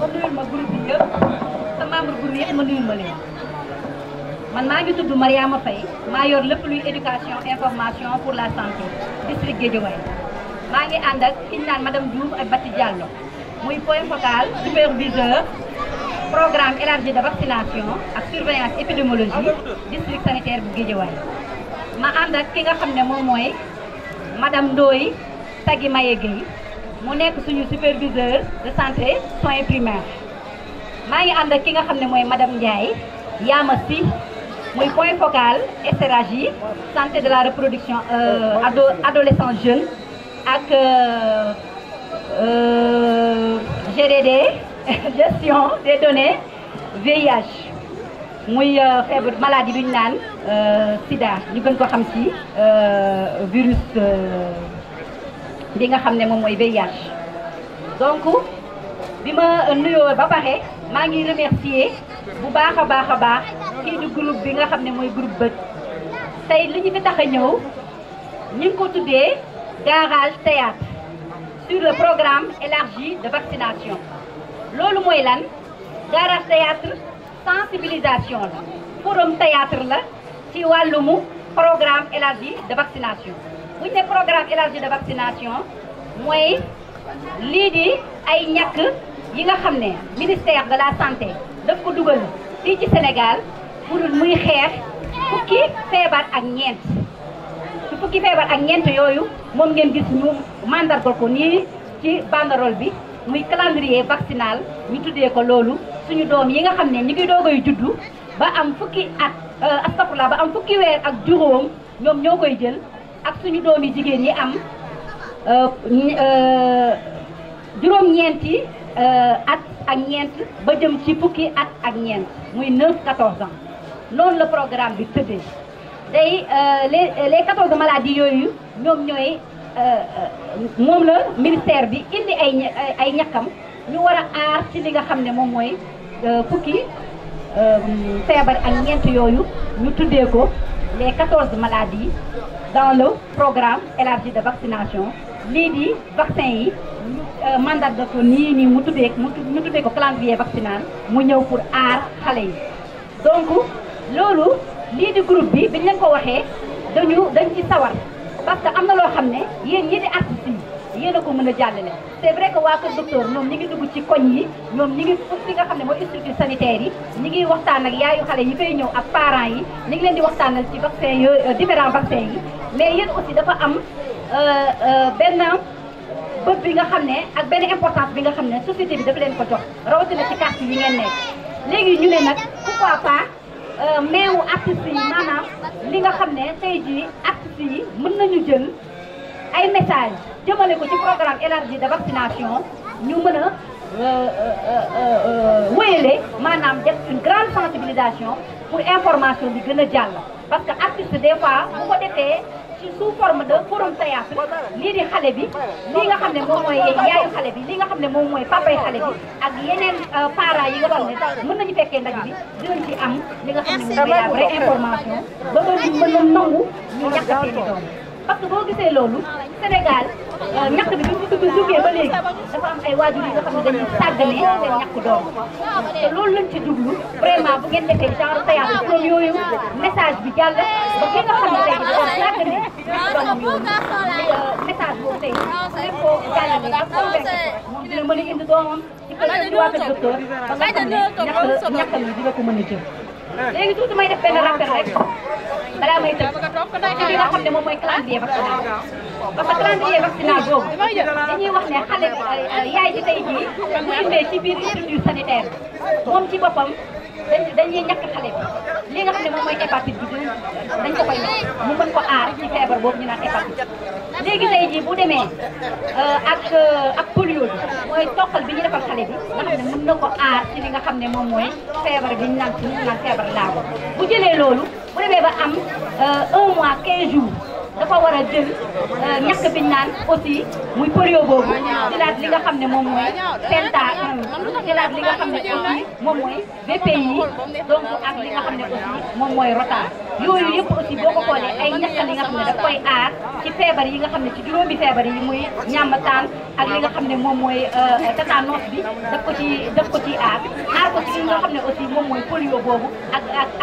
nga nuyul ma groupe yëpp sa membre groupe yëpp nga nuyul ma leen man maa ngi tudd Mariama Faye maa yor lépp luy éducation information pour la santé district Guédiawaye maa ngi ànd ak kiñ naan madame Diouf ak Bati Diallo muy point focal superviseur programme élargi de vaccination ak surveillance épidémiologie district sanitaire bu Guédiawaye ma ànd ak ki nga xam ne moom mooy madame Ndoye Tagui Maye Gueye mu nekk suñu superviseur de santé soins primaires maa ngi ànd ak ki nga xam ne mooy madame Ndiaye yaama si muy point focal SRAJ santé de la reproduction euh, ado adolescent jeune ak euh, euh, GDD gestion des données VIH muy feebar maladie bi ñu naan Sida ñu gën ko xam ci virus. li nga xam ne moom mooy VIH donc bi ma nuyoo ba pare maa ngi remercier bu baax a baax a baax kii di bi nga xam ne mooy groupe bët tey li ñu tax a ñëw ñu ko tuddee garage théâtre sur le programme élargi de vaccination loolu mooy lan garage théâtre sensibilisation la forum théâtre la ci wàllumu programme élargi de vaccination bu ñu ne programme élargi de vaccination mooy lii di ay ñàkk yi nga xam ne ministère de la santé daf ko dugal fii ci Sénégal pour muy xeex fukki feebar ak ñeent su fukki feebar ak ñeent yooyu moom ngeen gis ñu mandargal ko nii ci banderole bi muy calendrier vaccinal ñu tuddee ko loolu suñu doom yi nga xam ne ñu ngi koy juddu ba am fukki at euh, astafurlah ba am fukki weer ak juróom ñoom ñoo koy jël ak suñu doomi jigéen yi am euh, euh, juróom-ñeenti euh, at ak ñeent ba jëm ci fukki at ak ñeent muy 9 14 ans noonu la programme bi tëddee day les les 14 maladies yooyu ñoom ñooy moom la ministère bi indi ay ay ñu war a aar ci li nga xam ne moom mooy fukki feebar ak ñeent yooyu ñu tuddee ko. les 14 maladies dans le programme élargi de vaccination lii di vaccin yi euh, mandat da ko nii nii mu tuddee mu tuddee ko calendrier vaccinal mu ñëw pour aar xale yi donc loolu lii di groupe bi biñ leen ko waxee dañu dañ ci sawar parce que am na loo xam ne yéen ñi di artistes yéen a ko mën a jàllale c'est vrai que waa kër docteur ñoom ñi ngi dugg ci koñ yi ñoom ñi ngi fi nga xam ne mooy structure sanitaire yi ñu ngi waxtaan ak yaayu xale yi fay ñëw ak parents yi ñi ngi leen di waxtaanal ci vaccin yooyu euh, différents vaccins yi mais yéen aussi dafa am euh, euh, benn bëb bi nga xam ne ak benn importance bi nga xam ne société bi dafa leen ko jox rawatina ci quartier yi ngeen nekk léegi ñu ne nag pourquoi pas meewu artistes yi maanaam li nga xam ne tey jii artistes yi mën nañu jël ay messages jëmale ko ci programme élargi de vaccination ñu mën a euh, euh, euh, wéyale maanaam def une grande sensibilisation pour information bi gën a jàll parce que artiste des fois bu ko defee ci sous forme de forum théâtre lii xale bi lii nga xam ne moom mooy yaayu xale bi lii nga xam ne moom mooy papay xale bi ak yeneen parents yi nga xam ne mën nañu fekkee ndaje bi dinañ ci am li nga xam ne moom mooy la information ba doon mën a nangu ñu ñàkk seeni doom parce que boo gisee loolu Sénégal euh, ñàkk bi bi mu dugg jógee ba léegi dafa am ay waajur yi nga xam ne dañuy sàggane seen ñàkk doom te loolu lañ ci jublu vraiment bu ngeen defee genre théâtre comme yooyu message bi jàll ba ki nga xam ne tey dafa sàggane ñàkk doomam yooyu a indi doomam i kër yi waa kër docteur ba nga xam ne ñàkk ñàkkam yi dina ko léegi tuuti may def benn rappel rek balaa may tëj ci li nga xam ne moom mooy calendrier vaccinal parce que calendrier vaccinal boobu dañuy wax ne xale yaay ji tey jii bu indee ci biir structure sanitaire moom ci boppam. dañuy dañuy ñàkk xale bi li nga xam ne moom mooy hépatite bi dañ ko koy ñàkk mu mën ko aar ci feebar boobu léegi tey jii bu demee euh, ak euh, ak polio bi mooy toqal bi ñu defal xale bi nga xam ne mën na ko aar ci li nga xam ne moom mooy feebar bi ñu naan ci ñu naan feebar laago bu jëlee loolu bu demee ba am euh, un mois 15 jours. dafa war a jël euh, ñàkk bi naan aussi muy période boobu jëlaat li nga xam ne moom mooy penta jëlaat li nga xam ne aussi moom mooy BPI donc ak li nga xam ne aussi moom mooy rota yooyu yëpp aussi boo ko xoolee ay ñàkk li nga xam ne daf koy aar ci feebar yi nga xam ne ci juróomi feebar yi muy ñàmbataan ak li nga xam ne moom mooy tétanos euh, bi daf ko ci aar aar ko ci nga xam ne aussi moom mooy polio boobu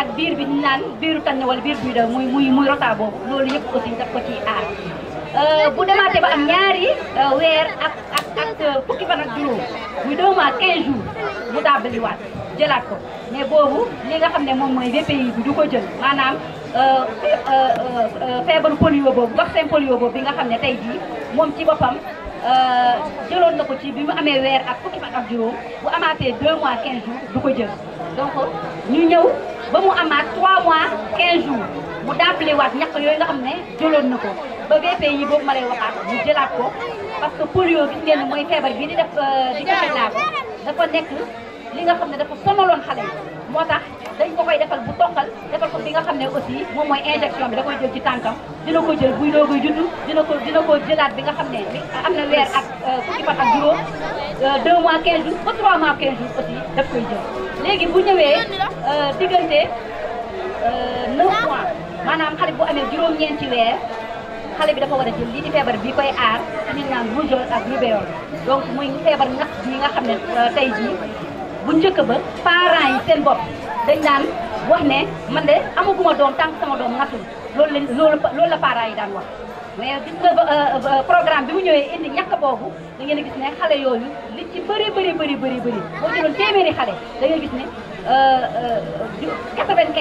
ak biir bi ñu naan biiru tànn wala biir buy daw muy muy muy boobu loolu def ko ci aar bu demaatee ba am ñaari eh, weer ak ak ak fukki fan ak juróom bu deux mois quinze jours mu tàmbaliwaat jëlaat ko mais boobu li nga xam ne moom mooy VPI bi du ko jël maanaam feebaru polio boobu vaccin polio boobu bi nga xam ne tey jii moom ci boppam jëloon na ko ci bi mu amee weer ak fukki fan ak juróom bu amaatee deux mois quinze jours du ko jël donc ñu oh, ñëw ba mu amaat trois mois quinze jours mu dàppale waat ñàkk yooyu nga xam ne jëloon na ko ba BPI boobu ma lay waxaat mu jëlaat ko parce que polio gis ngeen mooy feebar bi di def euh, di joxe laa ko dafa nekk li nga xam ne dafa sonaloon xale yi moo tax dañ ko koy defal bu toqal defal ko bi nga xam ne aussi moom mooy injection bi da koy jël ci tànkam dina ko jël buy doogay juddu dina ko dina ko jëlaat bi nga xam ne am na weer ak euh, fukki fan ak juróom 2 euh, mois ba 3 mois 15 jours aussi daf koy léegi bu ñëwee diggante maanaam xale bu amee juróom-ñeenti weer xale bi dafa war a jël lii di feebar bi koy aar ñu naan rougeole ak rubéole donc muy feebar ñax bi nga xam ne euh, tey jii bu njëkk ba parents yi seen bopp dañ naan wax ne man de amaguma doom tànk sama doom natul loolu lañ loolu loolu la parents yi daan wax. mais gis nga euh, euh, programme bi mu ñëwee indi ñàkk boobu da ngeen gis ne xale yooyu li ci bëri bëri bëri bëri bëri boo jëloon téeméeri xale da ngeen gis ne quatre vingt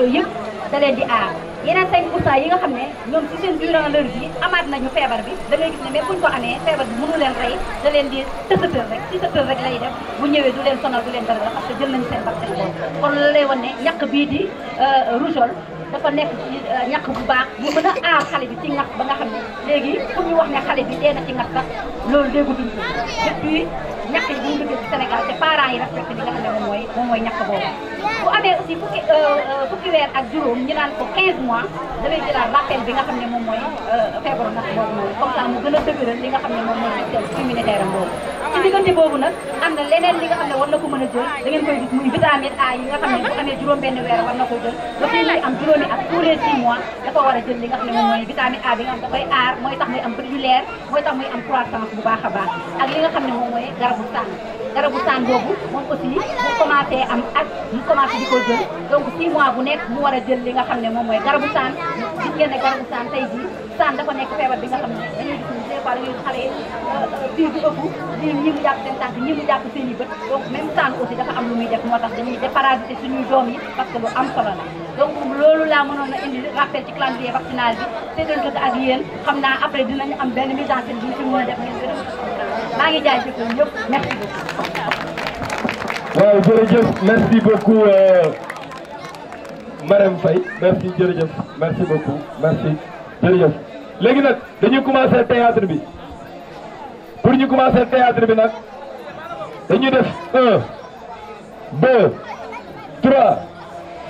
yooyu yëpp. da leen di aar yeneen 5 pour cent yi nga xam ne ñoom ci seen durant leur vie amaat nañu feebar bi da ngay gis ne même buñ ko amee feebar bi mënu leen rey da leen di tësatër rek ci tësatër rek lay def bu ñëwee du leen sonal du leen dara parce que jël nañu seen vaccin boobu kon loolu lay wan ne ñaq bii di euh, rougeole dafa nekk ci euh, ñàkk bu baax bu mën a aar xale bi ci ñàkk ba nga xam ne léegi pour ñu wax ne xale bi dee na ci ñàkk sax loolu déggutuñ ko depuis ñàkk yi bu ñu dëkkee ci Sénégal te parents yi respecté li nga xam ne moom mooy moom mooy ñàkk boobu bu amee aussi fukki fukki weer ak juróom ñu naan ko 15 mois dafay jëlaat rappel bi nga xam ne moom mooy feebaru nag boobu noonu comme ça mu gën a dëgëral li nga xam ne moom mooy système immunitaire am boobu ci diggante boobu nag am na leneen li nga xam ne war na ko mën a jël da ngeen koy gis muy vitamine A yi nga xam ne bu amee juróom benn weer war na ko jël ba fi muy am juróomi ak tous les 6 mois dafa war a jël li nga xam ne moom mooy vitamine A bi nga xam ne dafay aar mooy tax muy am cellulaire mooy tax muy am croissance bu baax a baax ak li nga xam ne moom mooy garab garabu sànn garabu sànn boobu moom aussi mu commencé am ak mu commencé di ko jël donc 6 mois bu nekk mu war a jël li nga xam ne moom mooy garabu sànn gis ngeen ne garabu sànn tey nekk bi nga xam ne dañuy gis des bu euh, ëpp ñi ñi mu jàpp seen tànk i bët donc même sànn aussi dafa na lu muy def moo tax dañuy yi parce que lu am solo la donc loolu laa a indi ko ak yéen xam naa après dinañu am benn mise en bi ñu fi mën a maa ngi jaajëfal ñëpp merci beaucoup. waaw jërëjëf merci beaucoup euh, Marème Faye merci jërëjëf merci beaucoup merci jërëjëf. léegi nag dañuy commencer théâtre bi pour ñu commencer théâtre bi nag dañuy def un deux trois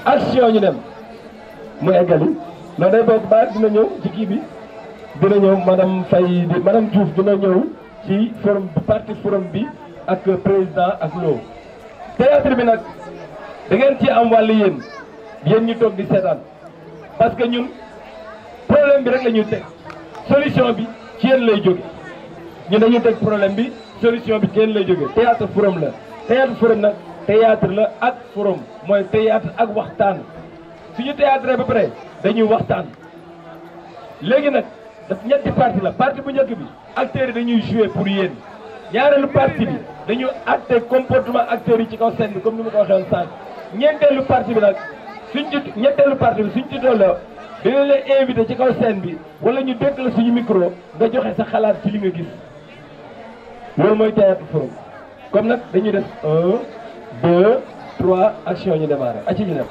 action ñu dem mu eggali loolu day bokk ba dina ñëw ci kii bi dina ñëw madame Faye di madame Diouf dina ñëw. ci forum parti forum bi ak président ak loo théâtre bi nag da ngeen ci am wàll yéen yéen ñu toog di seetaan parce que ñun problème bi rek la teg solution bi ci yéen lay jóge ñun dañuy teg problème bi solution bi ci yéen lay jóge théâtre forum la théâtre forum nag théâtre la ak forum mooy théâtre ak waxtaan suñu théâtre ba pare dañuy wax waxtaan léegi nag daf ñetti parti la parti bu njëkk bi acteurs yi dañuy jouer pour yéen ñaareelu parti bi dañu acté comportement acteurs yi ci kaw scène bi comme ni ma ko waxee woon sànq ñeenteelu parti bi nag suñ ci ñetteelu parti bi suñ ci tolloo la invité ci kaw scène bi wala ñu dégg la suñu micro nga joxe sa xalaat ci li nga gis loolu mooy théâtre forum comme nag dañuy def un deux trois action ñu démarré aci ñu def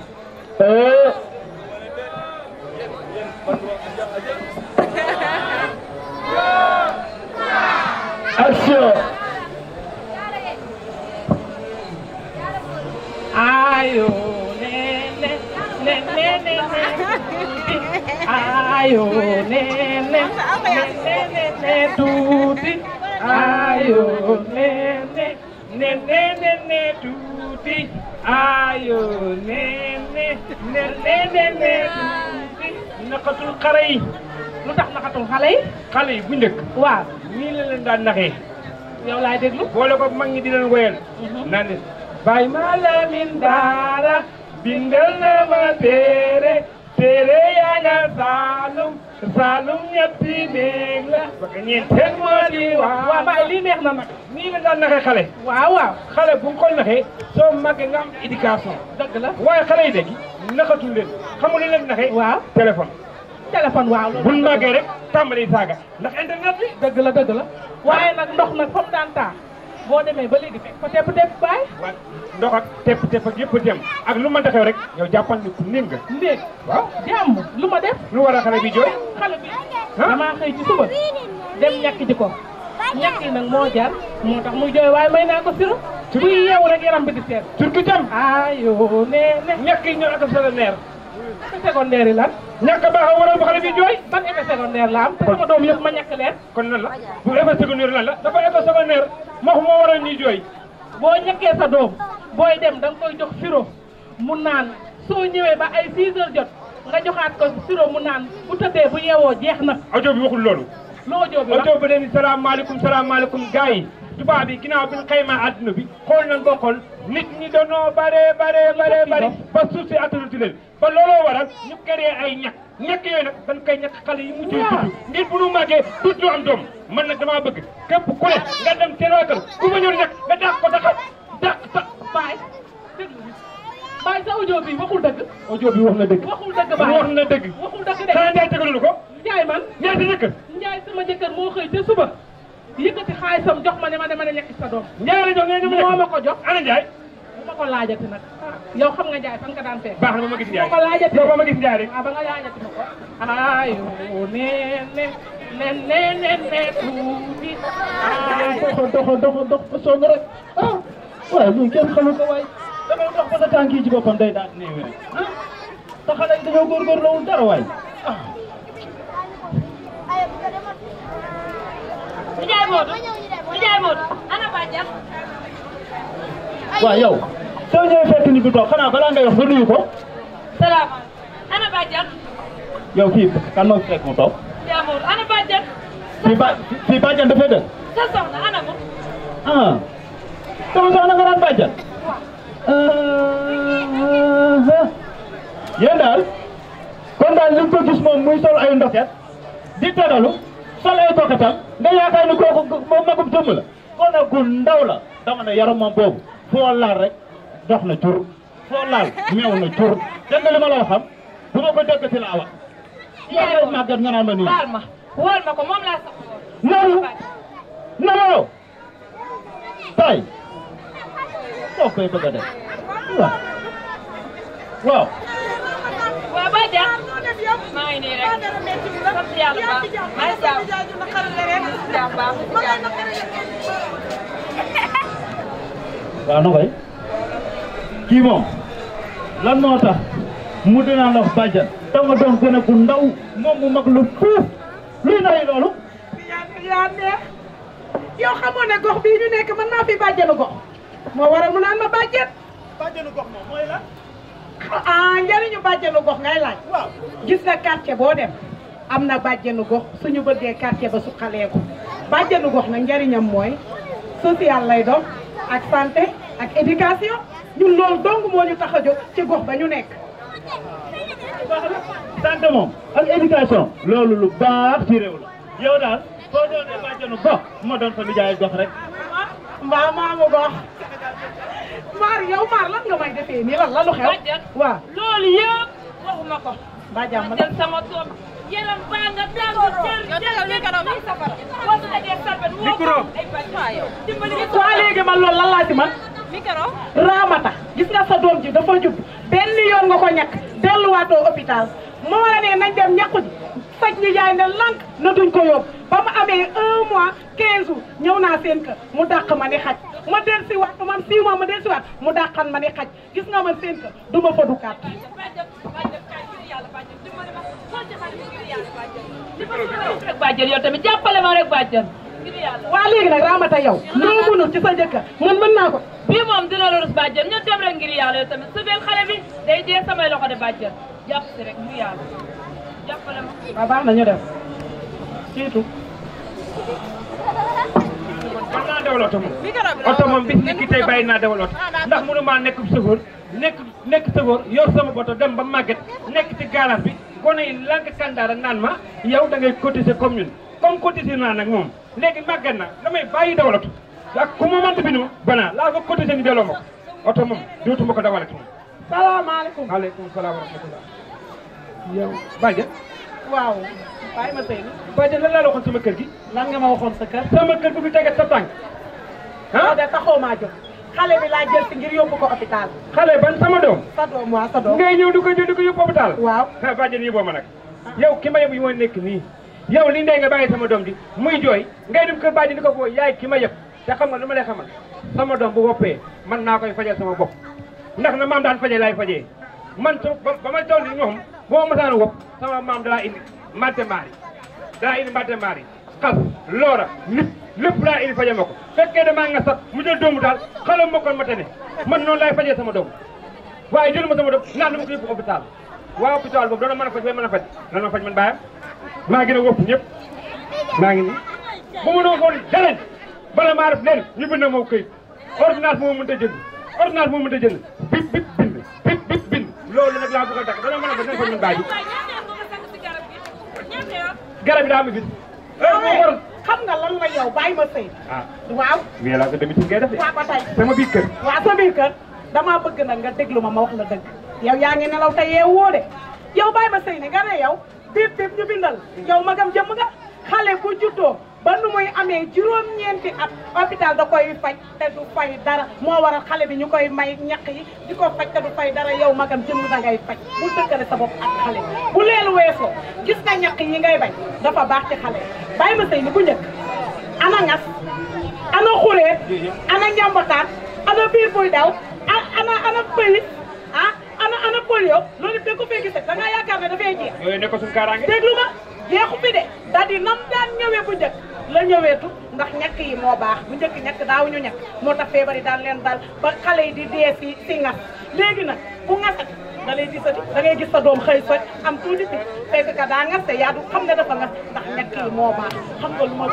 ayo nene nene ne tuuti ayo nene nene ne tuuti ayo nene nene lu tax naqatul xale yi xale yi bu njëkk waaw nii la leen daan naxee di leen woyal naan bay ma lamin daara bindal na ma téere téere yaa nga Saalum Saalum ñëpp la. parce que ñeenteel waaw waaw waaye lii na nag. nii la daan naxee xale. waaw waaw xale bu nga koy naxee. soo màggee nga am dëgg la waaye xale yi léegi naxatul leen xamul lu leen naxee. waaw téléphone. téléphone waaw loolu buñ rek tàmbali saaga. ndax internet dëgg la dëgg la. waaye nag ndox nag fa daan taa. boo demee ba léegi fekk ko tepp tepp baay. waaw ndox ak tepp tepp ak yëpp dem ak lu ma taxew rek yow jàppal ni ku néeg nga. néeg waaw lu ma def. lu war a xale bi jooy. xale bi damaa xëy ci suba dem ñàkk ji ko ñàkk yi nag moo jar moo tax muy jooy waaye may naa ko siru. buy yeewu rek yaram bi di seet. surtout jam. ayoo nee ne. ñàkk yi ñoo ak sa effet secondaire yi lan ñàkk a baax a waral ba xale bi jooy ban effet secondaire la am te sama doom yëpp ma ñàkk leen kon lan la bu effet secondaire lan la dafa effet secondaire moo moo waral ñuy jooy boo ñàkkee sa doom booy dem da koy jox sirop mu naan soo ñëwee ba ay 6 jot nga joxaat ko sirop mu naan bu tëddee bu yeewoo jeex na audio bi waxul loolu loo audio bi wax audio bi leen salaamaaleykum salaamaaleykum gars yi tubaab bi ginnaaw bi ñu xaymaa adduna bi xool nañ ko xool nit ñi danoo bare bare bare bare ba suuf si attanatu ba looloo waral ñu créé ay ñàkk ñàkk yooyu nag dañ koy ñàkk xale yi mujjee tudd ngir bu ñu màggee tudd am doom man nag damaa bëgg képp ku ne nga dem seen waa kër ku ma ñëw nag nga dàq ko taxaw dàq sax baay baay sa audio bi waxul dëgg audio bi wax na waxul dëgg baay wax na dëgg waxul dëgg de xanaa Njaay tegalul ko Njaay man Njaay sa jëkkër jëkkër moo xëy te suba yëkkati xaalisam jox ma ne ma dama ne lekk sa doom. ñaari jox ngeen ñu moo ma ko jox ana Ndiaye. bu ma ko laajati nag. yow xam nga Ndiaye fan nga daan fekk. baax na ba ma gis Ndiaye bu ma ko laajati yow ba ma gis Ndiaye rek. ah ba nga laajati ma ko. ayoo nee nee nee nee nee nee tuuti. doxo doxo doxo dox ba sonn rek ah. waaye ñun kenn xamu ko waaye damay dox ba sa tànk yi ci boppam day daal di néew rek. ah te xale yi dañoo góorgóorlu wul dara waay ah. Ndiaye Modou yow soo ñëwee fekk nit ñi toog xanaa balaa ngay nga nuyu ko. salaamaaleykum ana bàjjan yow fii kan fekk mu toog. Ndiaye Modou ana bàjjan fii ba ah. nga daan bàjjan. Ah. yéen daal kon daal li ko moom muy sol ay ndoket di tëralu. sol ay kokkatal nga yaakaar ni kooku moom magum jëmm la gone gu ndaw la dama ne yaram moom boobu foo laal rek dox na cur foo laal meew na cur dégg la waxam bu ma ko dégg ci laa wax yow màggat nga naan ma nii baal ma wóor ma ko moom laa sax koy bëgg a def waaw. waaw booy def. maa ngi nii koy. kii moom. lan moo tax. mu dinaa la bàjjan. da nga doon gën a gu ndaw. moom mu mag lu fuuf. luy nooy loolu. yow xamoon ne gox bii ñu nekk mën naa fi bàjjanu gox. moo waral mu naan ma bàjjan. ah njëriñu bàjjenu gox ngay laaj. waaw gis nga quartier boo dem am na bàjjenu gox suñu bëggee quartier ba suqaleeku bàjjenu gox na njariñam mooy social lay dox ak santé ak éducation ñun loolu dong moo ñu tax a jóg ci gox ba ñu nekk. santé moom ak éducation loolu lu baax ci réew la yow daal boo doonee bàjjenu gox ma doon fa lu gox rek. mbaa maa ma baax maar yow maar lan nga may defee nii lan la lu xew waaw loolu yëpp waxuma ko mbaa jàmm la baa nga daal micro waa léegi man loolu lan laa ci man micro raamata gis nga sa doom ji dafa jub benn nga ko ñàkk delluwaatoo hôpital moo ne nañ dem ñàkku faj bi yaay ne lank na duñ ko yóbbu ba mu amee un mois quinze jours ñëw naa seen mu dàq ma ni xaj ma del si waat man six mois ma del si waat mu dàqan ma ni xaj gis nga man seen du ma fa dukaat bàjjen tamit jàppale ma rek bàjjen waa léegi nag Ramata yow loo ci sa man mën naa ko bii moom dina la rus bàjjen ñu dem rek ngir yàlla yow tamit su bel xale day dee samay waaw baax na ñu def surtout. man naa dawal oto moom oto moom bis bàyyi naa dawal ndax mënu maa nekk chauffeur nekk nekk chauffeur yor sama boto dem ba màgget nekk ci garage bi gone yi lank kandaara naan ma yow da ngay cotiser comme ñun naa nag moom nekk màgget na damay bàyyi dawal oto ak ku bi nu bana laa ko cotiser ñu delloo ma oto moom dootuma ko dawalati moom salaamaaleykum aleykum salaam wa rahmatullah yow Badja. waaw. waaye ma sëy Badja lan laa la sama kër gi. lan nga ma waxoon sa kër. sama kër bu fi tege sa tànk. ah de taxoo maa jóg. xale bi laa jël si ngir yóbbu ko hôpital. xale ban sama doom. sa doom waaw sa doom. ngay ko jël di ko yóbbu hôpital. waaw ah Badja yow ki ma yóbbu moo nekk nii. yow lii ndey nga bàyyi sama doom di muy jooy ngay dem kër Badja ni ko foofu yaay ki ma yëpp te xam nga lu ma lay xamal sama doom bu woppee man naa koy fajal sama bopp ndax na maam daan fajee laay faje man su ba ma toll nii ñoom boo ma saan wopp sama maam dalaa indi mbante mbaari dalaa indi mbante mbaari xas loora nit lépp laa indi faje ma ko fekkee damaa nga sax mu jël doomu daal xalam ma kon ma tane man noonu laay fajee sama doom waaye jël ma sama doom naan dama ko yóbbu hôpital waa hôpital boobu doona mën a faj bay mën a faj lan ma faj man baayam maa gën a wopp ñëpp maa ngi nii bu ma noo xool bala maa def leen ñu bind na moo këyit ordonnance moo mënta jënd ordonnance moo loolu nag laa bëgg a dàq dana mën a def dafa mën baaju. garab yi daa ah nga lan la yow bàyyi ma sëy. Ah. waaw. mais laa ko demee ci ngay def bëgg nag nga déglu ma ma wax la dëgg. yow yaa ngi nelaw te yeewoo de yow bàyyi ma sëy ne nga ne yow biip biip ñu bindal yow magam jëmm nga xale bu juddoo. ba nu muy amee juróom-ñeenti at hôpital da koy faj te du fay dara moo waral xale bi ñu koy may ñaq yi di ko faj te du fay dara yow magam jënd da ngay faj bu sa bopp ak xale bu leelu weesoo gis nga ñaq yi ngay bañ dafa baax ci xale bàyyi ma sëy ni bu njëkk ana ngas ana xureet ana njambataan ana biir buy daw ana ana pëli ah ana ana polio loolu da ko fee gis da yaakaar ne dafay jeex. yooyu nekk déglu ma jeexu fi de cest nam daan ñëwee bu njëkk. la tu ndax ñàkk yi moo baax bu njëkk ñàkk daaw ñu ñàkk moo tax feebar yi daan leen dal ba xale yi di dee si si ngas léegi nag ku ngasat da lay gisati da gis sa doom xëy soj am tuuti yaa du xam ne dafa ngas ndax ñàkk yi moo baax xam nga lu ma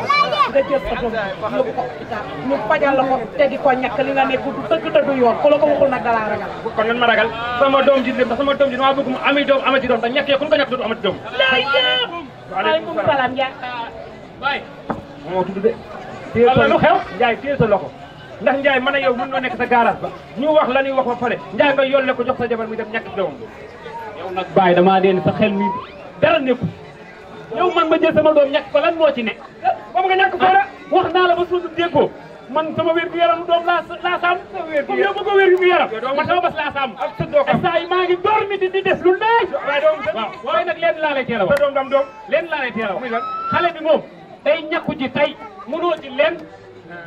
nga jël sa doom yóbbu ko hôpital ñu fajal la ko te di ko ñàkk li nga nekk du dëgg te du yoon ku la ko waxul nag dalaa ragal kon nan ma ragal sama doom ji ndax sama doom ji dama bëgg mu ami doom amati doom te ñàkk yi ku ko ñàkk dootu doom waaleykum moo de. ala lu xew Ndiaye téye sa loxo ndax Ndiaye mën a yow mën noo nekk sa garage ba ñu wax la ñuy wax ba pare Ndiaye nga yolle ko jox sa jabar muy dem ñàkk doom yow nag damaa deen sa xel mi dara nekku yow man ma jël sama doom ñàkk ko ci ne moom nga ñàkk fayda ah, wax naa la ba suudu déggoo man sama wér gu yaram doom laa laa sàmm comme yow bëgg wér gu yaram man sama bas laa sàmm saa yi maa ngi door mi di di def lu naaj waaw waaye nag leen laa lay teel a wax leen laa lay teel a wax xale moom day ñàkku ji tay mënoo ci leen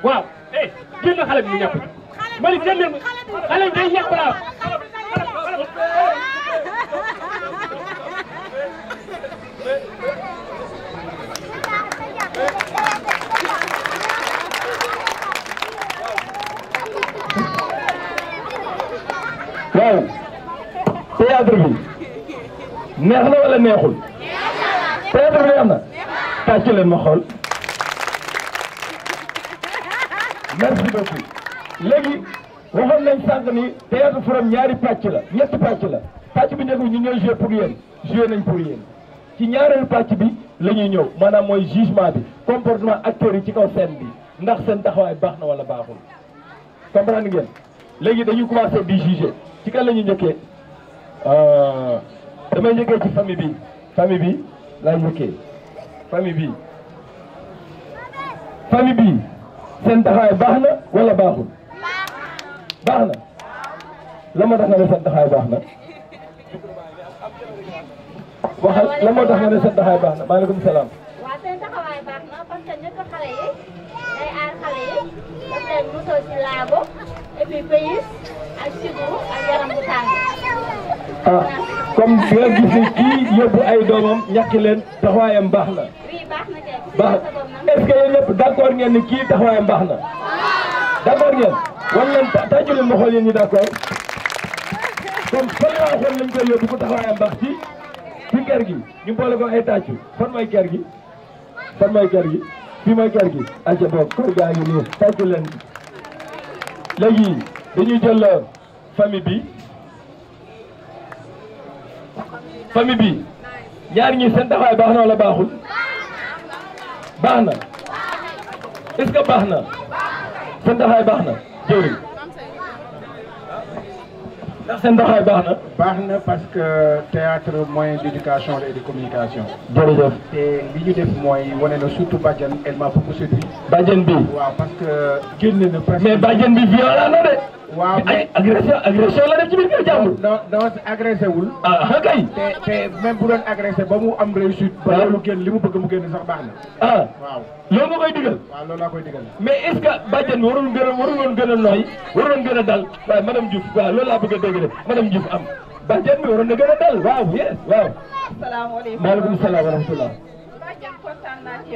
waaw eh génn xale bi mu ñàkku ji mari génn leen xale bi day ñàkku laa waaw théâtre bi neex na wala neexul tàcc leen ma xool merci beaucoup léegi waxoon nañ sànq ni théâtre forum ñaari pàcc la ñetti pàcc la pàcc bi nekk ñu ñooy pour yéen joué nañ pour yéen ci ñaareelu pàcc bi la ñuy ñëw maanaam mooy jugement bi comportement acteurs yi ci kaw scène bi ndax seen taxawaay baax na wala baaxul comprendre ngeen léegi dañuy commencé di juger ci kan la ñuy njëkkee euh, damay njëkkee ci famille bi famille bi laay njëkkee famille bii famille bii seen taxawaay baax na wala baaxul baax na la moo tax nga ne seen taxawaay baax na waxal la moo tax nga ne seen taxawaay baax na maaleykum salaam. waaw seen taxawaay baax na parce que njëkk xale yi day aar xale yi daf leen musal ci laago et puis pays ak sibu ak yaram bu tàng. Ah. comme bi nga gis ne kii yóbbu ay doomam ñàkki leen taxawaayam baax na baax est ce que yéen d' accord ngeen ni kii taxawaayam baax na d' accord ngeen wan leen tàccu leen ma xool yéen ñi d' accord comme fan laa xool lañ koy yóbbu bu taxawaayam baax ci ci ker gi ñu boole ko ay tàccu fan mooy ker gi fan mooy ker gi fii mooy ker gi acca boobu kër gaa ngi nii tàccu léegi dañuy jël famille bi famille bi ñaari ñi seen baax na wala baaxul baax na est baax na seen baax na jëwriñ ndax baax na. baax na parce que théâtre moyen d'éducation et de communication. jërëjëf te li ñu def mooy wane na surtout bàjjen elle m'a beaucoup séduit. bàjjen bi mais bàjjen bi violent na de. waaw mais agression agression la def ci biir kër jàmbur. non non agressé wul. Ah, ah kay. te te bu doon agressé ba mu am réussite. ba loolu génn li mu bëgg mu génn sax baax na. ah waaw. loolu nga koy digal. waaw loolu laa koy digal. mais est ce que bàjjen warul gën a warul woon gën a nooy waroon gën a dal waaye madame Diouf waaw loolu laa bëgg a dégg ma madame Diouf am bàjjen mi waroon na gën a dal waaw yes waaw. asalaamaaleykum maaleykum salaam wa rahmatulah. bàjjen kontaan naa ci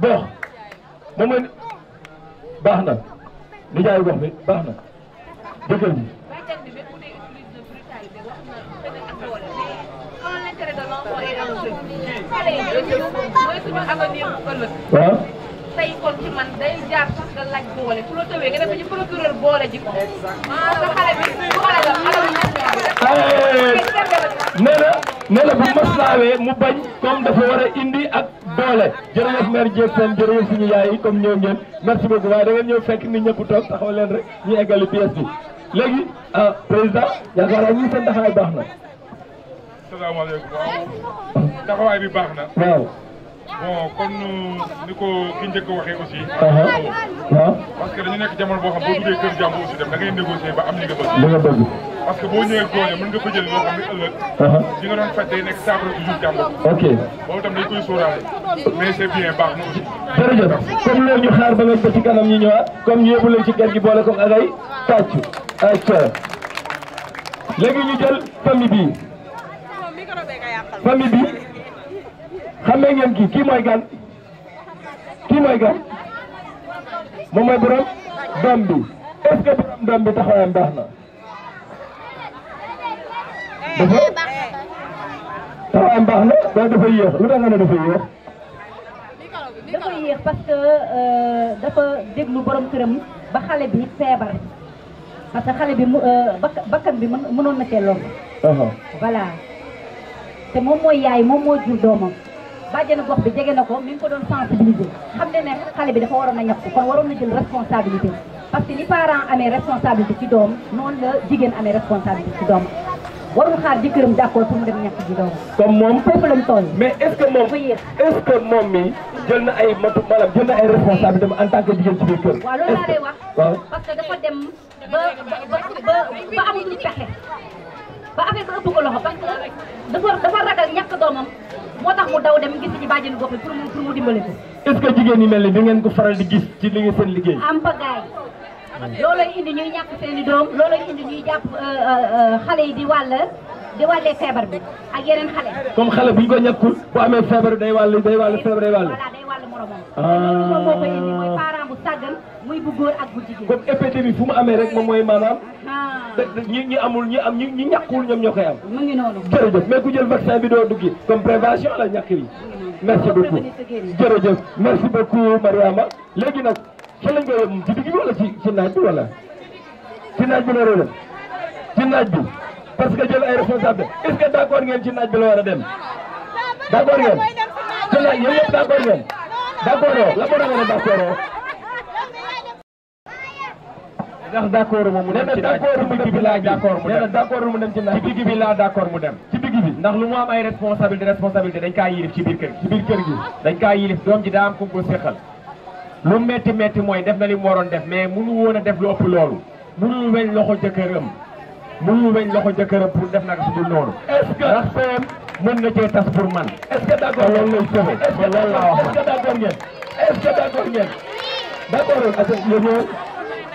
bon moom la baax na nijaayu gox bi baax na jëkkër ji waaw tey kon bi bu xale la mu bañ comme dafa war a indi ak boole jërëjëf mère Diop seen jërëjëf suñu yaay yi comme ñëw ngeen merci beaucoup waaye da ngeen ñëw fekk nit ñëpp toog taxaw leen rek ñu eggali pièce léegi ah, président yaakaar naa ñu seen taxawaay baax na waaw. bon comme ni ko ki njëkk waxee aussi. Uh-huh. Uh-huh. parce que dañu nekk jamono boo xam boo duggee kër jàmbur aussi dem da ngay négocier ba am li nga bëgg. li nga bëgg. parce que boo ñëwee góor mën nga fa jël loo xam ne ëllëg. Uh-huh. li nga doon faj day nekk saako toujours jàmbur. ok loolu tam dañ koy sóoraale. mais c'est bien baax na aussi. jërëjëf comme loolu ñu xaar ba ngeen ko ci kanam ñu ñëwaat comme ñu yóbbu leen ci kër gi boole ko ak ay tàcc ayca léegi ñu jël famille bi famille bi. xamee ngeen kii ki mooy gan kii mooy gan moom mooy borom doom bi est-ce que borom doom na dafa taxawaayam na waaye dafa yéex lu tax nga ne dafa yéex. dafa yéex parce que euh, dafa déglu borom këram ba xale bi feebar parce que xale bi mu euh, bakkan bi mënoon na cee lool. Uh-huh. voilà te moom mooy yaay moom moo jur doomam. bàjjenu gox bi jege na ko mi ko doon sensibiliser xam ne ne xale bi dafa waroon a ñaxtu kon waroon na jël responsabilité parce que ni parent amee responsabilité ci doom noonu la jigéen amee responsabilité ci doom warul xaar jëkkëram d'accord pour mu dem ñaxtu ji doom mais est moom est na ay matu maanaam jël na ay responsabilité en tant que jigéen ci biir kër waaw loolu wax parce que dafa dem ba ba ba amul pexe ba affaire bi ëpp loxo parce dafa dafa ragal ñàkk doomam moo tax mu daw dem gis ci bàjjenu gox bi pour mu pour mu dimbale ko. jigéen yi mel ni di ngeen ko faral di gis ci li ngeen seen liggéey. am pagaay loolooy indi ñuy ñàkk seen i doom loolooy indi ñuy jàpp euh, euh, euh, xale yi di wàll di wàllee feebar bi ak yeneen xale. comme xale bu ñu ko ñàkkul bu amee feebar day wàll day wàll feebar day wàll. voilà day wàll moromam. koy indi mooy muy bu góor bu mu amee rek moom mooy maanaam. Ah. ñi ñi amul ñi am ñi ñi ñàkkul ñoom ñoo koy am. mu ngi noonu. jërëjëf mais ku jël vaccin bi doo duggi comme prévention la ñàkk yi. merci beaucoup jërëjëf merci beaucoup Mariama léegi nag fan lañ koy yem ci digg bi wala ci ci naaj bi wala ci naaj bi la war a dem ci naaj bi parce que jël ay responsable est ce ngeen ci naaj bi la war a dem d' accord ngeen ci naaj yéen a d' accord ngeen d' accord la moo tax nga ne d' ndax d'accord mu dem ci laaj ci digg bi laa d'accord mu dem ci laaj bi laa d'accord mu dem ci digg bi ndax lu mu am responsabilité responsabilité dañ kaa yilif ci biir kër gi dañ kaa yilif doom ji daa ku ko séqal lu metti metti mooy def na li mu waroon def mais mënu woon a def lu ëpp loolu mënul weñ loxo jëkkëram mënul weñ loxo jëkkëram pour def naka su dul noonu est-ce que ndax mën na cee tas pour man est-ce que d'accord loolu lay sauvé d'accord ngeen est-ce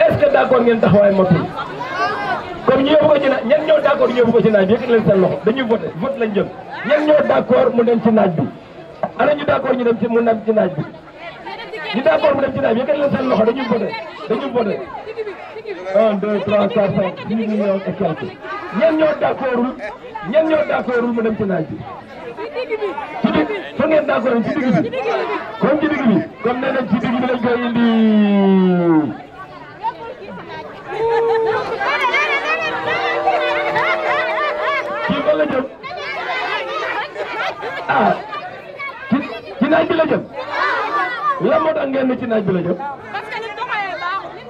est ce que d' accord ngeen taxawaay motul comme ñu yóbbu ko ci naaj ñan ñoo d' accord ko ci naaj bi yëkkati leen seen loxo dañuy voté vote lañ jëm ñan ñoo d' mu dem ci naaj bi ana ñu d' accord ñu dem ci mu dem ci naaj bi ñu d' accord mu dem ci naaj bi yëkkati leen seen loxo dañuy voté dañuy voté 1 2 3 4 5 6 ñoo d' mu dem ci naaj bi. kii fan la jëm ah ci ci naaj bi la jëm lan moo tax ngeen ne ci naaj bi la jëm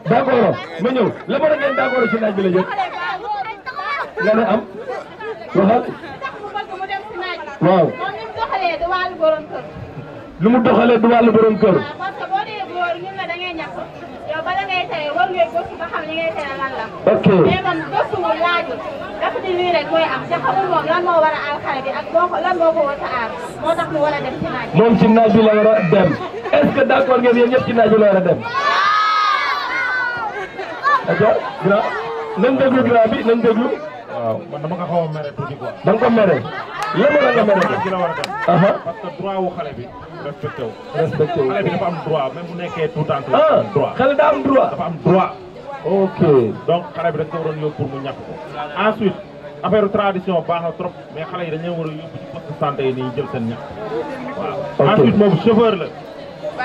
d'accord ma ñëw lan moo tax ngeen d'accord ci naaj bi la jëm nga ne am waxal waaw lu mu doxalee du wàllu borom kër. bala ngay tere war ngay gëstu ba xam li ngay tere lan la. ok mais moom gëstuwul laajul dafa di lii rek mooy am te xamul moom moo war a aar bi ak boo lan moo ko war moo tax mu war dem ci naaj. moom ci naaj la war dem est-ce que d'accord ngeen yéen ñëpp ci naaj la war dem. d'accord grand nañ déglu grand bi waaw man dama ko xaw a mere tuuti quoi. da nga ko mere lan moo nga mere. ci la war a def. parce que droit wu xale bi respecté wu. respecté wu xale bi dafa am droit même bu nekkee tout temps que. Ah, droit xale daa am droit. dafa am droit. ok donc xale bi dañ ko waroon yóbbu pour mu ñàkk ko. ensuite affaire tradition baax na trop mais xale yi dañ leen war a yóbbu ci poste santé yi nii jël seen ñàkk. waaw ensuite moom chauffeur la.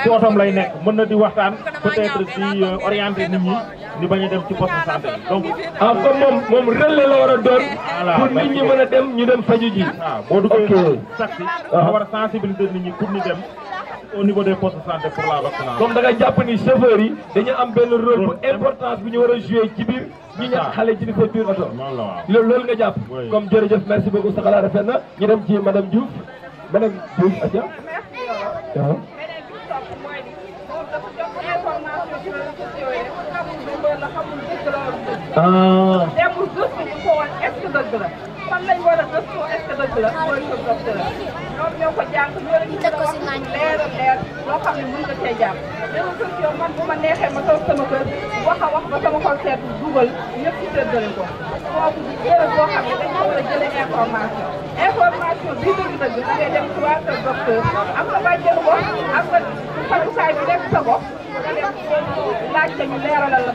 ci otoom lay nekk mën na di waxtaan peut-être di euh, orienter nit ñi di bañ a dem ci poste de santé bi donc. ah moom moom relais la war a doon. pour nit ñi mën a dem ñu dem faju ji. waaw ah, boo duggee sax si. waaw ah. war a sensibiliser nit ñi pour ñu dem. au niveau des postes de santé pour la yi dañu am benn rôle ñu war a joué ci biir xale ci di fa biir oto loolu loolu nga jàpp comme jërëjëf merci beaucoup sa xalaat rafet na ñu dem démb gëstu ñu ko woon est que la fan lañ war a gëstu est-ce la mooy ko dëgg la ñoom ñoo ko jàng ñoo leen ci doon leer a leer loo xam ne mën nga cee jàpp dama gëstu yow man bu ma neexee ma toog sama kër wax a wax ba sama xol seetu dugal ñëpp ci séddale ko kooku du jërë boo xam ne dañ ko war a jëlee information information bi dëgg-dëgg da ngay dem ci waa kër docteur am nga bàjjël ko am nga fajukaay bi nekk sa bopp laaj la ñu leeralal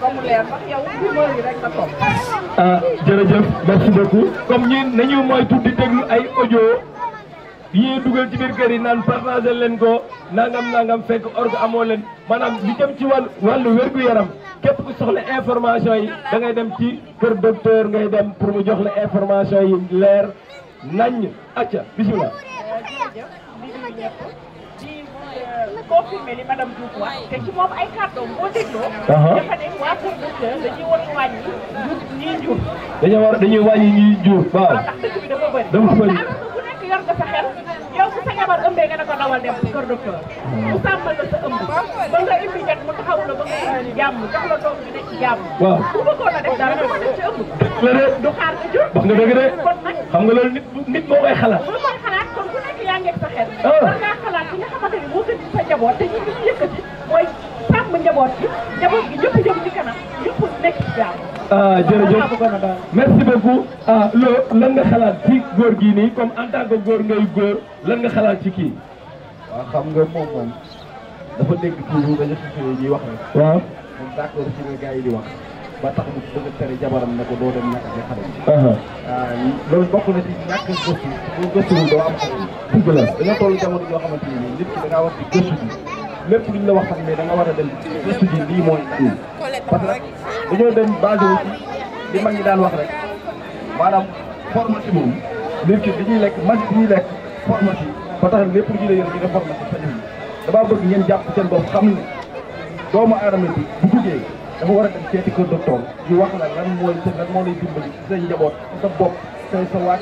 ah, jërëjëf merci beaucoup. comme ñun nañu moytu di déglu ay ojo yi ñuy dugal ci biir kër yi naan partagé leen ko nangam nangam fekk org amoo leen maanaam li jëm ci wàllu wàllu wérgu yaram képp ku soxla information yi da ngay dem ci kër docteur ngay dem pour mu jox la information yi leer naññ acca bisimilah. confirmé li madame Diouf wax te ci moom ay kàddoom boo dégloo. Uh-huh. dafa ne waa producteur dañuy war a wàññi ñuy jur. dañoo war dañuy wàññi ñuy jur waaw. ndax dëkk bi dafa bëri. dafa bëri te am ku nekk yor nga sa xel yow bu sa jabar ëmbee nga ne ko dawal dem kër docteur. bu uh-huh. sàmmal la sa ëmb. ba nga indi jot mu taxawu la ba nga indi jàmm jox la doom bi ne ci jàmm. waaw bu bëggoon a def dara dafa def ci ëmb. la de du xaar nga jur. wax nga dëgg de. kon nag xam nga loolu nit nit moo koy xalaat. moo koy xalaat kon ku nekk yaa ngeeg sa xel. Ah. njaboot te ñi ñu yëkkati mooy sàmm njaboot bi njaboot bi ñëpp jëm ci kanam ñëpp nekk ci jàmm. jërëjëf merci beaucoup. ah loo lan nga xalaat ci góor gii nii comme en tant que góor ngay góor lan nga xalaat ci kii. waa xam nga moom moom dafa dégg toujours dañu fi ñuy wax rek. waaw moom yi di wax. ba tax mu bëgg a tere jabaram ne ko doo dem nekk ak xale bi. Uh-huh. Ah, loolu bokk na ci ñàkk gëstu bu gëstuwul doo am jamono yoo xamante ni nit da ngaa war lépp lu ñu la wax sax ne da nga war a dem gëstu ji lii mooy lii. parce que dañoo dem basé wu ci li mag ñi daan wax rek maanaam formation boobu nit ki dañuy lekk man dañuy lekk formation ba tax lépp lu ñu la yor ñu def formation sa bëgg ngeen jàpp seen bopp xam ne doomu aadama bi bu duggee. dafa war a dem seeti kër docteur ñu wax la lan mooy lan moo lay dimbali sa njaboot sa bopp say sa a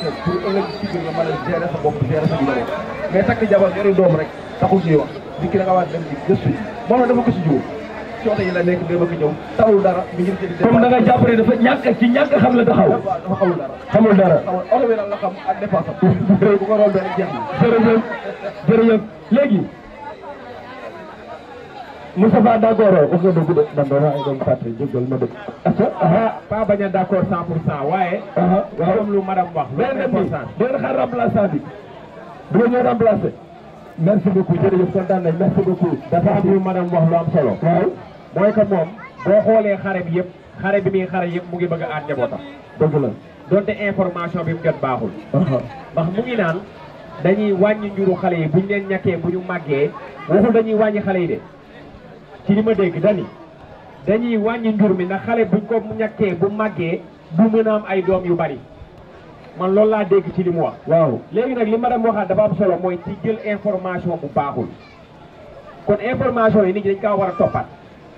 gérer sa bopp gérer sa njaboot mais takk jabar yore doom rek taxul ñuy wax nit ki da nga war a dem di gëstu ji moom nag dafa gëstu jiwu ci oto yi la nekk dama ko ñëw tawul dara mi ngi jënd comme da nga jàpp dafa ñàkk ci ñàkk xam la taxaw dafa xamul dara xamul dara oto bi lan xam ak dépense bu ko rool doon jeex na léegi Moustapha d'accord oo wax nga dëgg de man dama ay doon fàtte jégal ma dëgg. pas bañ a d'accord 100 pour 100 waaye. Ah, ah, waaw comme lu madame wax. loolu important benn bi xar remplaçant bi. bu la ñu remplacé. merci beaucoup jërëjëf kontaan nañ merci beaucoup. dafa am lu madame wax lu am solo. waaw mooy que moom boo xoolee xare bi yëpp xare bi muy xare yëpp mu ngi bëgg a aar njabootam. dëgg la donte information bi mu jot baaxul. ndax mu ngi naan dañuy wàññi njuru xale yi buñ leen ñàkkee bu ñu màggee waxul dañuy wàññi xale yi de. ci li ma dégg dani dañuy wàññi njur mi ndax xale buñ ko ñàkkee bu màggee bu mën am ay doom yu bari man loolu laa dégg ci li mu wax. waaw léegi nag li ma dem waxaat dafa am solo mooy ci jël information bu baaxul. kon information yi nit ñi dañ kaa war a toppat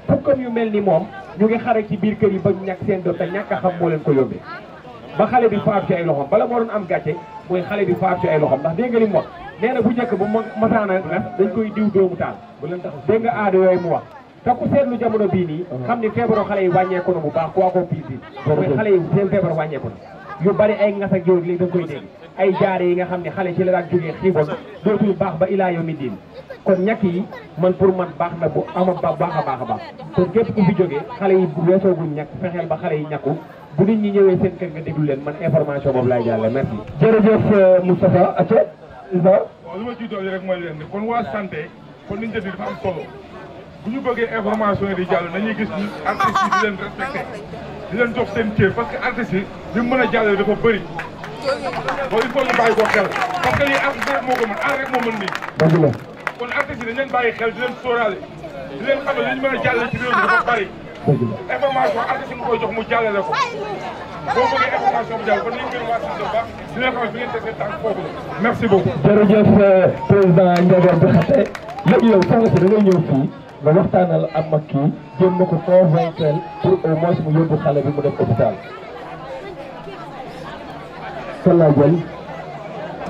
fukkam yu mel ni moom ñu ngi xare ci biir kër yi ba ñàkk seen doom te ñàkk xam moo leen ko yóbbee. ba xale bi faaf ci ay loxoom bala moo doon am gàcce mooy xale bi faaf ci ay loxoom ndax dégg bu njëkk bu ma masaana dañ koy diw doomu taal bu leen tax dégg te ku seetlu jamono bii nii. Uh-huh. xam ni feebaru xale yi wàññeeku na bu baax ku waa ko piis bi. mooy xale yi seen feebar wàññeeku na. yu bari ay ngas ak yow li da koy dégg ay jaare yi nga xam ne xale ci la daan jógee xiiboon dootul baax ba ilaa yomi diin kon ñàkk yi man pour man baax na bu ama ba baax a baax a baax kon képp ku fi jógee xale yi weesooguñ ñàkk fexeel ba xale yi ñàkku bu nit ñi ñëwee seen kër nga déglu leen man information boobu laay jàlle merci. jërëjëf euh, Moustapha Atia. waaw li ma ciy dolli rek mooy leen ni kon waa santé kon li ñu def dafa bu ñu bëggee information yi di jàll nañuy gis ni artistes di leen respecté di leen jox seen cër parce que artistes yi li a jàllale dafa bëri. boo il faut ñu bàyyi ko xel parce que lii artistes rek moo ko mën art moo mën a jàllale ci réew mi dafa bëri. information artiste nga jox mu jàllale ko boo bëggee information bu jàll kon ni ngeen waa Sinthiou Ba di leen xam ne fi ngeen teg tànk foofu la merci beaucoup. jërëjëf euh, président Ndiaga Diakhaté léegi yow soxna si da ngay ñëw fii. nga waxtaanal am mag kii jéem na ko convaincre pour au moins mu yóbbu xale bi mu dem hôpital. kon laa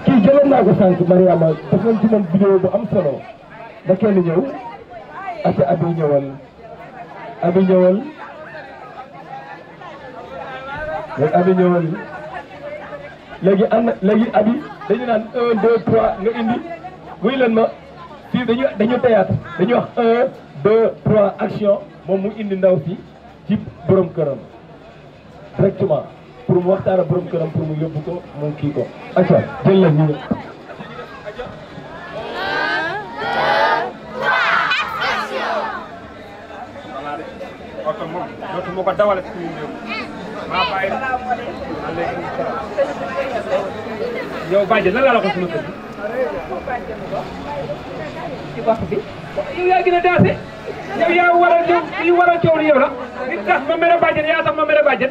kii jëloon naa ko sànq Mariama def nañ bu am solo da kenn ñëw ate abi ñëwal léegi abi léegi am na léegi naan un deux trois nga indi muy leen ma fii dañu dañu dañu wax un deux trois action moom mu indi ndaw si ci borom këram directement pour mu waxtaan ak këram pour mu yóbbu ko mu kii ko acca jël la ñu ko suñu ko ci bopp bi yow yaa gën a daase yow yaa war a coow li war a coow li yow la li tax ma mere bàjjen yaa tax ma mere bàjjen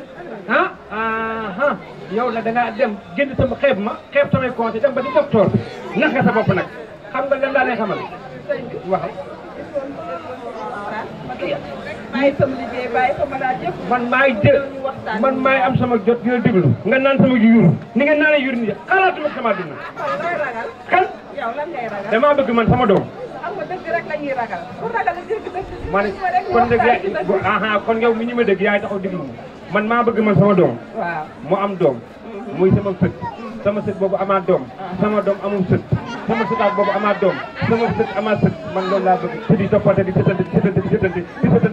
ah ah, ah. yow la da ngaa dem génn sama xeeb ma xeeb samay conseil dem ba di docteur nax nga sa bopp nag xam nga lan laa lay xamal waaw. man maay dé man maay am sama jot dina déglu nga naan sama yur ni nga naan yur nii xalaatuma sama dina. xel yow lan bëgg man sama doom. am nga dëgg rek la man kon dëgg yaa kon yow mi ñu ma dëgg yaay taxaw déglu man maa bëgg man sama doom. mu am doom. Mm-hmm. muy sama sët. sama sët boobu amaat doom. Ah. sama doom amul sët. sama sëtaat boobu amaat doom. sama sët amaat sët man loolu laa bëgg. te di toppate di sëtante di sëtante di sëtante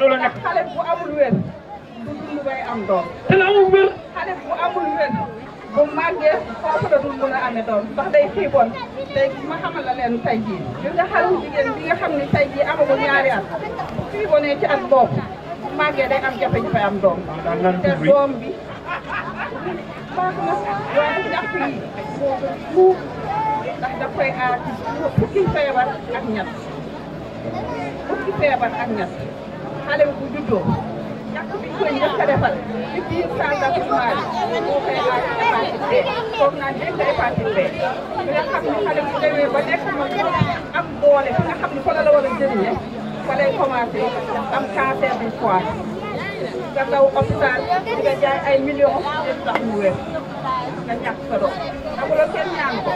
du la nekk. bu amul wér. bu amul wér. bu màggee foofu la dul a amee doom ndax day xiiboon tey ma xamal la leen tey jii. gis nga xale jigéen bi nga xam ne tey jii amagul ñaari at. xiibonee ci at boobu. bu màggee day am jafe-jafe am doom. te doom bi. baax na waaye ñax yi moo ndax daf koy aar ci fukki feebar ak ñett fukki feebar ak ñett. xale bu juddoo yàq bi koy njëkk a nga xam ne xale bu demee ba nekk am doole fi nga xam ne fa la la war a jëriñee fa lay commencé am cancer du foie nga daw hôpital di nga jaay ay millions de tax nga ñàkk sa doom amuloo kenn ñaan ko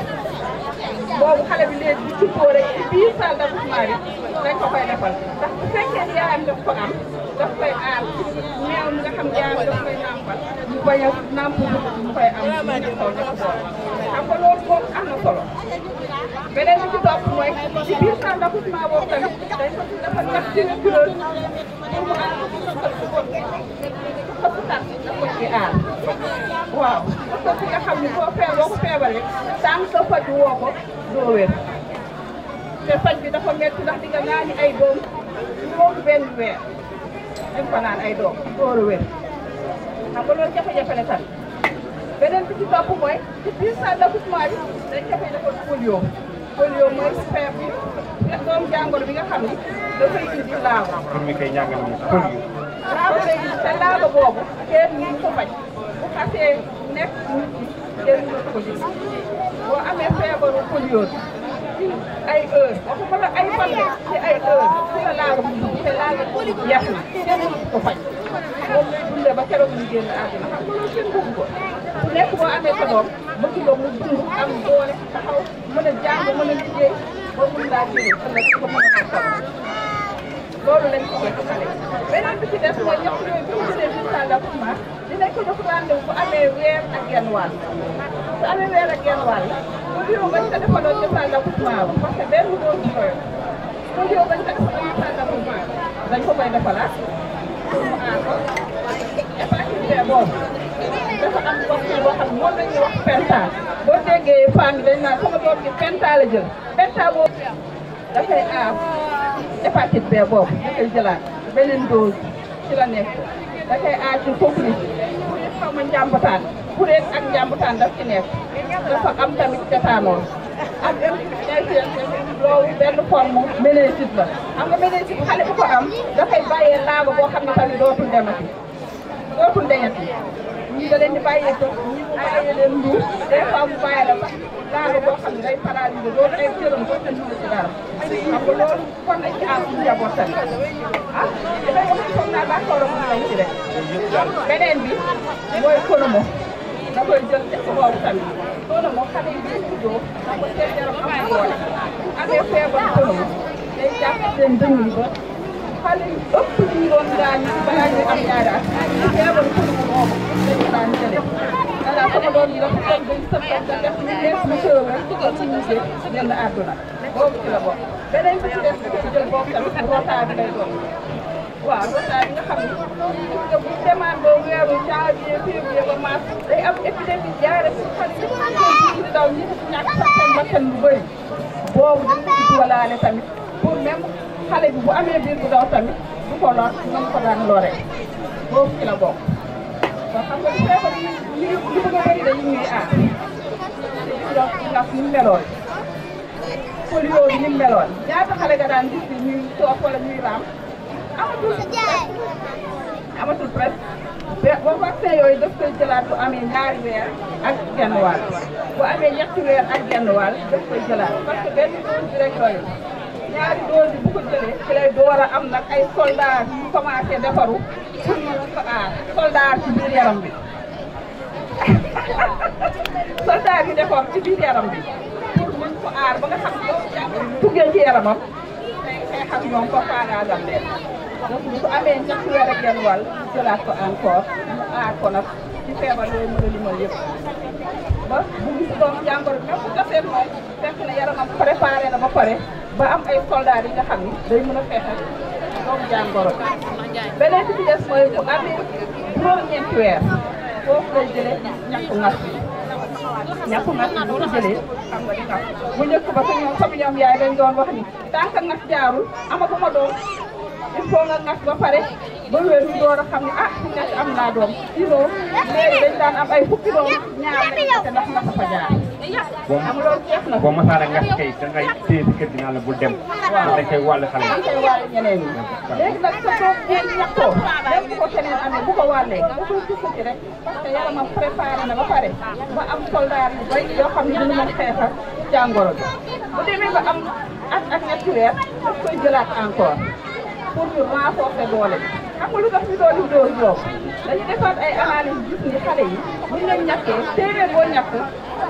boobu xale bi léegi ci biir salle d'accouchement bi ko koy defal ndax bu fekkee ni yaayam daf ko am daf koy aar néew nga xam yaayam daf koy a xam nga loolu na solo beneen bi ci topp mooy ci biir daf ko ci nga boo fee boo ko feebaree tànk sa faj woo ko doo wér te faj bi dafa métti ndax di nga ay doom foofu benn weer di ko ay doom door a wér xam nga loolu jafe-jafe la tam beneen bi ci topp mooy ci biir salle d'accouchement bi dañ jafe defoon polio polio mooy feebar bi nga bi nga ni dafay indi laago pour mi koy ñàngal mu polio laago lay indi te laago boobu kenn mënu ko faj dellu na police boo amee feebaru polio ay heure waxuma la ay fan ci ay heure ci la laal te laal yàq na kenn faj moom lay dundee ba keroog ñu génn àdduna xam nga loolu kenn bëgg ko bu boo amee sa doom bëgg nga mu dund am doole taxaw mën a jàng mën a liggéey ba mun laa jëlee ëllëg ko mën a loolu lañ ko bëgg xale beneen bi ci def mooy ñëpp ñooy bu ñu jëlee huit ans d'accouchement dinañ ko jox rendez-vous bu amee weer ak genn wàll su amee weer ak genn wàll studio bañ ko defaloon huit ans d'accouchement parce que benn dose bi doyul studio bañ ko defaloon huit ans d'accouchement dañ ko koy defalaat pour mu aar ko hépatite boobu dafa am vaccin boo xam moom la ñuy wax penta boo déggee femme dañ naan sama doom bi penta la jël penta boobu dafay aar ca paquet bee boobu da koy jëlaat ci la nekk da koy aar ci foofu ni bu dee xaw ma njàmbutaan bu dee ak njàmbutaan daf ci nekk dafa am tamit tétanos ak loolu benn forme méningite la am nga méningite xale bu ko am dafay bàyyee laago boo xam ne tamit dootul demati dootul deñati fii da leen di bàyyee ko ñu bàyyee leen nduur des fois mu bàyyi la fa daara boo xam ne day paralysé loolu ay cëram boo te mënu ci dara xam nga loolu kon na ci aar suñu njabootam ah dafay wax foog naa d'accord ak moom ci rek beneen bi mooy konomo da koy jël teg ko boobu tamit konomo xale yi biñ juddoo da ko seen yaram am doole amee feebar konomo day jàpp seen dënn ba xale yu ëpp li ñu doon daañu balaa ñuy am ñaari at ñu feebar ko moomu dañu daan jëlee voilà sama doon yi dafa toog bañ sëppal nga def ñu nees mu tëw rek dugal ci musée ñenn àdduna boobu ci la bokk beneen bi ci des bi ci jël boobu tamit rotaa bi lay doon waaw rotaa bi nga xam ne bu demaan ba weeru janvier février ba mars day am épidémie jaare si xale yi daw ñi ñàkk sax seen bakkan lu bëri boobu dañ ko walaale tamit xale bi bu amee biir bu daw tamit du ko lor ñoom ko daan lore boobu ci la bokk xam nga feebar yi li a bëri de ni mu meloon polio nga daan gis ñuy toog wala ñuy raam amatul amatul presque ba ba vaccin yooyu daf koy jëlaat bu amee ñaari weer ak genn wàll bu amee ñetti weer ak genn wàll daf koy jëlaat parce que benn dose bi ñaari doses yi bu ko jëlee ci lay door a am nag ay soldats yu commencé defaru pour ñu ko aar soldats ci biir yaram bi soldats ba nga xam ne yow duggee ci yaramam ko amee ñetti weer ak genn wàll aar ko nag ci feebar yooyu mën a limal yëpp ba bu gis doom jàngoro bi même bu gasee moom fekk na yaramam préparé na ba pare. ba am ay soldats yi nga xam ni day mën a feexal doomu jàngoro beneen bi ci des mooy bu amee juróom-ñeenti weer foofu lay jëlee ñàkku ngas ñàkku ngas bu ko jëlee xam nga di ngas bu njëkk ba ko ñoom yaay dañ doon wax ni tant que ngas jaarul amaguma doom il faut nga ba pare ba wéeru door a xam ne ah fi am naa doom sinon léegi dañ daan am ay fukki doom ñaar ndax naka fa jaar. am loolu jeex na boo kër gi la bul dem. ba am soldat yu bëri yoo xam ne bu demee ba am ak ñetti weer daf koy jëlaat encore pour ñu renforcer doole xam nga lu tax ñu doon dóor boobu dañu defaat ay analyse gis ni xale yi ñu leen ñàkkee téeméer boo ñàkk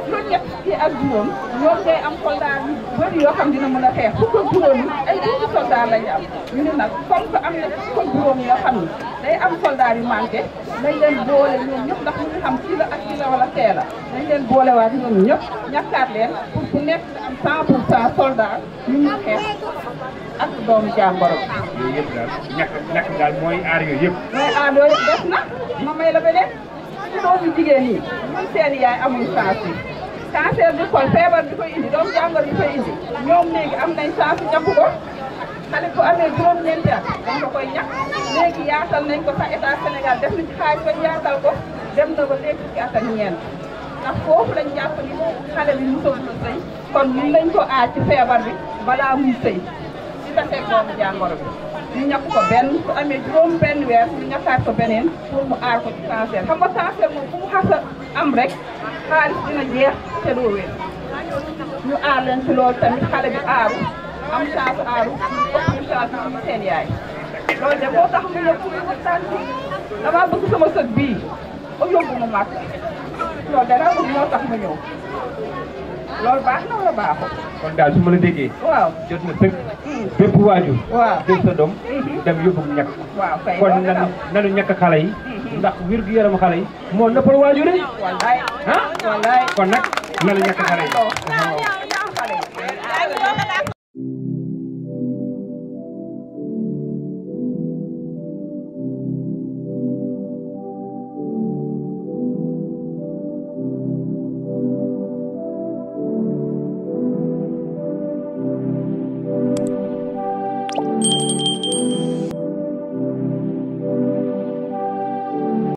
juróom ñett ci ak juróom ñoom day am soldat yu bëri yoo xam dina mën ay dugg soldat am ñu ne nag comme que am na fukk ak juróom yoo xam ni day am soldat yu manqué nañ leen boole ñoom ñëpp ndax ñu xam ci la ak ci la wala tee la nañ leen boolewaat ñoom ñëpp ñàkkaat leen pour ku nekk cent pour cent soldat yu ñu xeex ak doomu jàmboro. yooyu yëpp daal ñàkk daal mooy aar yooyu yëpp. mooy aar yooyu na ma may la beneen doomu jigéen yi ñun yaay amuñu chance yi cancer du feebar di koy indi doomu jàmboro di koy indi ñoom léegi am nañ chance ñàkk ko xale bu amee juróom-ñeenti at dañ ko koy ñàkk léegi yaatal nañ ko sax état Sénégal def nañ xaaj ba yaatal ko dem na ba léegi fukki at ndax foofu lañ kon ñun lañ ko aar ci feebar bi balaa muy sëy ci taseeg boobu jàngoro bi ñu ñàkk ko benn su amee juróom benn weer ñu ñàkkaat ko beneen pour mu aar ko ci cancer xam nga cancer fu mu am rek xaalis dina jeex te doo ñu aar leen ci loolu tamit xale bi aaru am chance aaru am chance am seen yaay loolu de tax mu ne pour waxtaan bëgg sama bii ba yóbbu ma màkk loolu dara amul ma baax na wala baaxul. kon daal su la déggee. waaw jot na sëkk. bépp waajur. waaw sa doom. Mhm. dem yóbbu ñàkk. nanu nanu xale yi. Mhm. ndax wér gu yaram xale yi. moo nëppal waajur yi. wallaay ah kon nag nanu ñàkk xale yi.